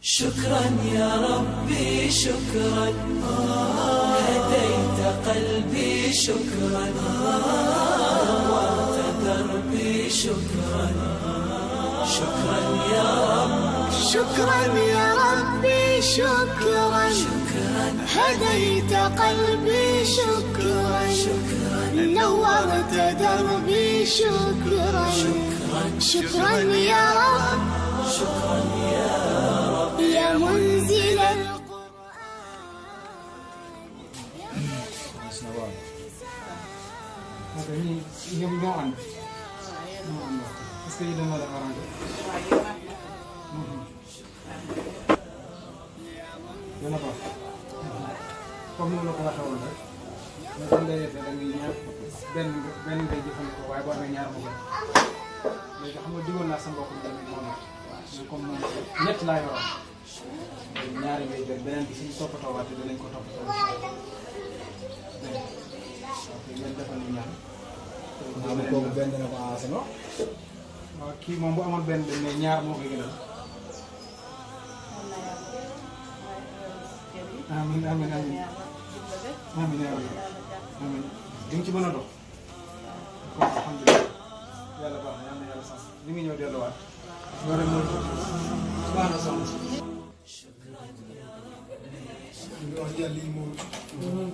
شكرا يا ربي شكرا هديت قلبي شكرا نورت دربي شكرا شكرا يا رب شكرا يا ربي شكرا هديت قلبي شكرا نورت دربي شكرا شكرا يا رب شكرا يا رب ñoom ñoo ànd ñoo ànd parce que yéen a dafa arrangé. dana mm-hmm. baax. la ko waxee woon rek. ñaar benn benn ngay jëfandikoo léegi xam nga digoon naa sa mbokk mi tamit moo nekk. mais comme moom ñett laa yoroon. ñaari ngay jël beneen bi suñu toppatoo waatee danañ ko toppatoo. dégg nga ok ngeen defal ñu maanaam kooku benn dana ko avancé no waaw kii moom bu amoon benn ne ñaar moo koy gënal. amiin amiin amiin amiin amiin di nga ci mën a dox. kon alhamdulilah yàlla baax na yàlla na yàlla sax li nga ñëw delluwaat. loolu rek mooy baax na sax. ñu ngi wax yàlla lii moom. Mm-hmm.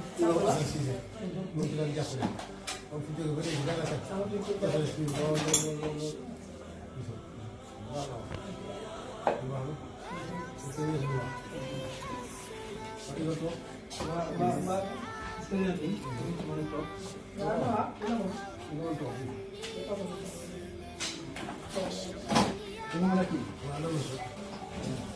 moom ci doon jàppale. ba mu fi jógee ba léegi dara set dafa des fii lool lool lool lool waaw waaw waaw waaw waaw waaw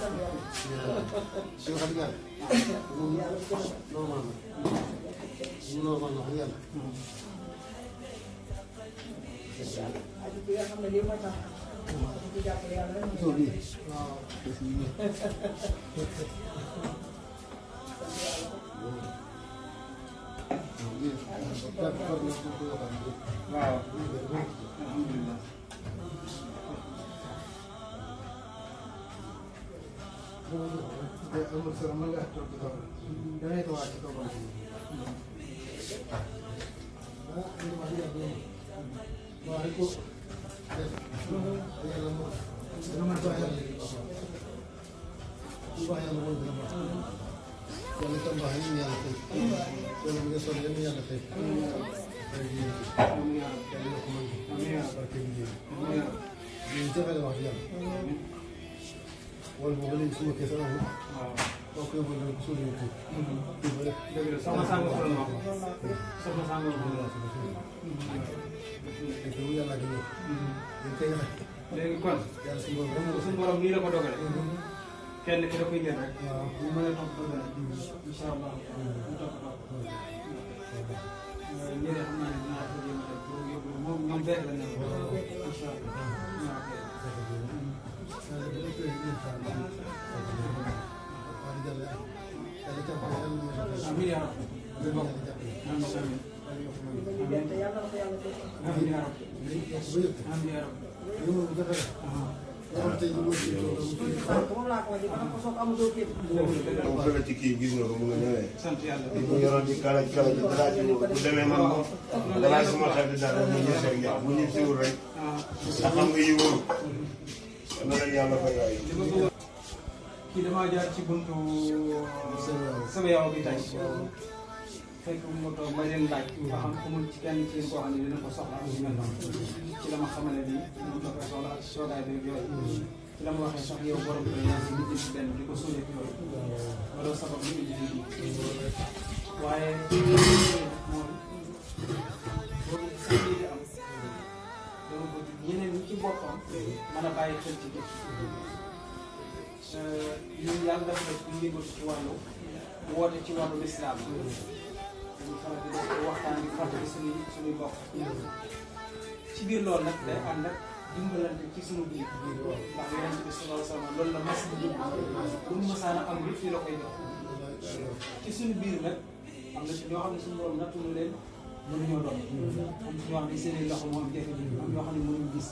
sant yàlla. si wax dëgg yàlla. moom normal na. mu normal na wax yàlla. bi nga xam ne lii moo tax. di jàppale yàlla rek. waaw. waaw. waaw. amul solo mën ngaa toog di toog da ngay toog ci toogoon ah li ma wax yàgg na waaw dañ ko def yàlla moom dana mën a baax yàlla léegi boppam bu baax yàlla moom dana baax yàlla itam baax nañu yàlla fay yàlla bu dee sonn yàlla yàlla fay yàlla yokk mën wala boobu léegi suñu kese amul. waaw boo koy bëggoon suñu yëngu ko. dëgg la soxna Sango Kola ma ko. soxna Sango Kola ma ko. dëgg la yàlla gën a. léegi kon. yàlla suñu borom rek. suñu borom nii la ko dogale. kenn ki da koy ñëw rek. waaw bu ma leen topp dogal rek. incha allah mu topp topp. ñu ne xam naa ne dinaa ko jéem a def pour yóbbu moom moom benn la ne. incha allah. moom ci kii gis nga ko mu nga ñëwee. sant yàlla di ko yoroon di kala kala ji balaa ji bu demee man moom. balaa sama xel di dara mu ñëw seen bu ñu siwul rek. ndax xam nga yi wóorul. na leen yàlla fay waay. kii damaa jaar ci buntu. sama yaw bi tey. fekk mu toog ma leen laaj. nga xam amul ci kenn ci yéen koo xam ne dina ko soxla ak mel noonu. ci la ma xamale ni moom la ko soxla ak soogaay beeg yooyu. ci la ma waxee sax yow borom kër yaa ngi nit ñi ci benn di ko suulee yooyu. wala sabab lu ñu ji waaye. Euh, ci géej ci wàllu woote ci wàllu lislaam dañu faral biir nag day ànd suñu bi sallallahu loolu la mas di bu ñu masaan a am lu fii la koy jox ci suñu biir nag am na ci ñoo xam ne suñu borom nattuñu leen mënuñoo doon ñoo xam ne seen i loxo moo am jafe ñoo xam ne mënuñu gis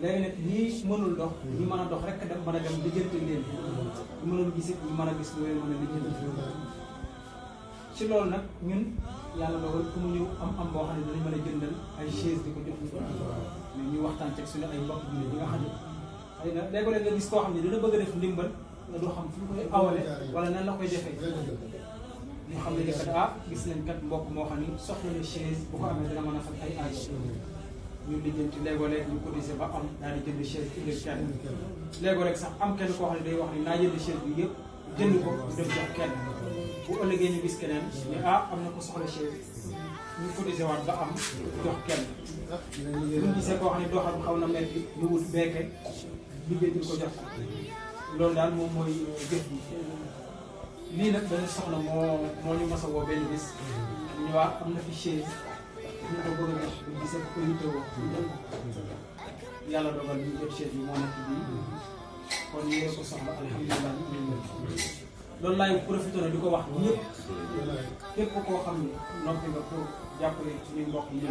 léegi nag ñii mënul dox ñu mën a dox rek dem mën a dem di leen ñu mënul gis it mën a gis lu loolu nag ñun yàlla dogal ku mu ñëw am am boo xam ne dinañ mën a jëndal ay chaise di ko jox ñu ko mais ñu waxtaan ci ay mbokk bi ñi nga xam ne xëy na léeg-léeg nga gis koo xam ne dina bëgg def ndimbal nga doo xam fu ñu koy awale wala nan la koy defee ñu xam ne kat ah gis leen kat mbokk moo xam ne soxla na chaise bu ko amee dana mën a faj ay aajo ñu lijjanti léegoo léeg ñu cotisé ba am daal di jënd chaise bi kenn léegoo léeg sax am kenn koo xam ne day wax ne naa jënd chaise bi yëpp jënd ko dem kenn bu ëllëgee ñu gis keneen ne ah am na ko soxla chaise ñu cotisé waat ba am jox kenn buñ gisee koo xam ne doxam xaw na mel bi ñu wut beeke lijjanti ko jox loolu daal moom mooy jëf bi lii nag benn soxna moo moo ñu mas a woo benn bis ñu waa am na fi chaise ñu ko bëgg a def di gis ak comité wax yàlla dogal ñu jot chef bi moo nekk bii kon ñu ngi ko soxla alhamdulilah loolu laay profité di ko wax ñëpp képp koo xam ne noppi nga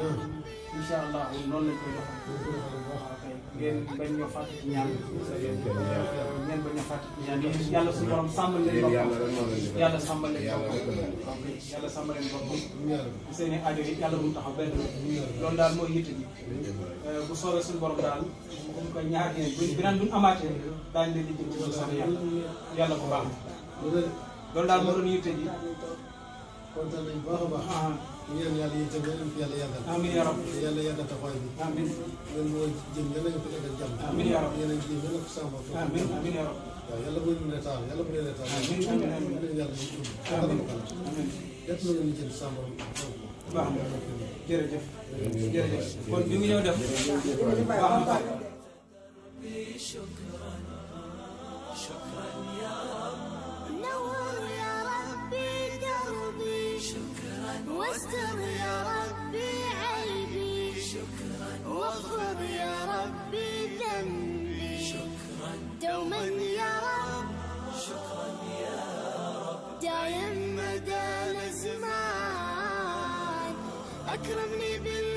allah noonu lañ koy doxal ngeen bañ ñoo fàtte ci ñaan ngeen bañ ñoo fàtte ci ñaan yàlla suñu borom sàmmal leen boppam yàlla sàmmal leen boppam yàlla sàmmal leen boppam seen i aajo yi yàlla bu mu taxaw benn loolu daal mooy yitte bi bu soobee suñu borom daal bu ñu ko ñaar yéen bi naan bu ñu amaatee daañu leen di jëm ci yàlla ko baax loolu daal moo doon yitte ji. kontaan nañu bu baax a baax. ñu yéen yàlla yitte bi yéen yàlla yàggal. amiin yaa rabbi yàlla yàggal taxawaay bi. amiin yéen moo jëm yàlla nga ko eggal jàmm. amiin yaa rabbi yéen a jëm yàlla ko sàmm. amiin amiin yaa rabbi. waaw yàlla bu ñu ne taal yàlla bu ñu ne taal. amiin amiin amiin amiin yàlla ñu tudd. amiin amiin def na ñu jëm sàmm. baax na jërëjëf. jërëjëf kon bi mu ñëw def. baax na. شكرا شكرا يا رب نور يا ربي دربي شكرا واستر يا ربي عيبي شكرا واغفر يا ربي ذنبي شكرا دوما يا رب شكرا يا رب دايم مدى الازمان اكرمني بال